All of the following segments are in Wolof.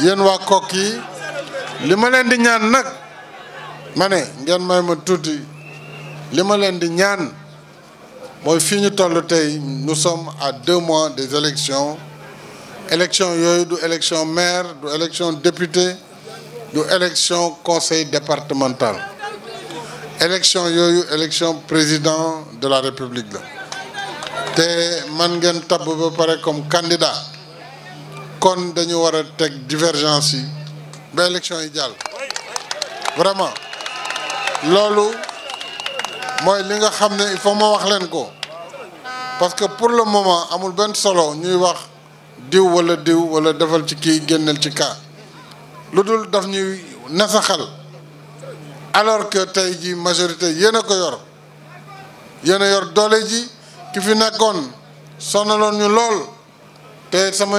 yéen wa Koki yi di ñaan nak di ñaan nous sommes à deux mois des élections élection du élection maire du élection député du élection conseil départemental élection élection président de la république la té man ngeen comme candidat kon dañu wara tek divergence yi ba élection yi jall vraiment loolu moy li nga xamné il faut ma wax len ko parce que pour le moment amul benn solo ñuy wax diw wala diw wala defal ci ki génneel ci ka lu daf ñuy nasaxal alors que tay ji majorité yéen a ko yor yéen a yor doole ji ki fi nekkoon sonalon ñu lool te sama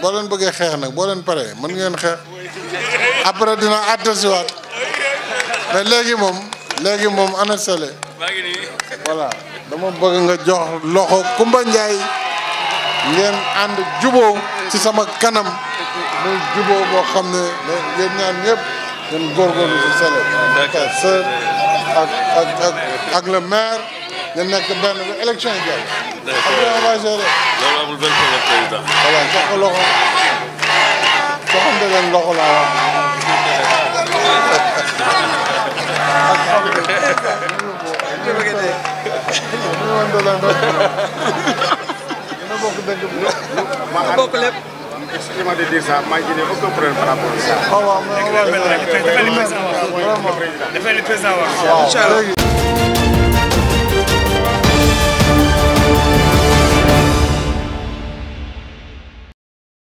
boo leen bëggee xeex nag boo leen paree mën ngeen xeex après dina àtte si waat mais léegi moom léegi moom ana sele voilà dama bëgg nga jox loxo Kumba Njaay ngeen ànd juboo ci sama kanam muy juboo boo xam ne yéen ñaan ñëpp ngeen góorgóorlu si sele le maire ngeen nekk benn bi élection yi loolu amul benn problème président. voilà jox ko loxo joxante leen loxo laa wax. dina bokk dëkk bi. dina bokk lépp. excusez-moi de dire ça maa ngi jëlee aucun problème par rapport à ça. waaw waaw waaw waaw waaw waaw waaw waaw waaw waaw waaw waaw waaw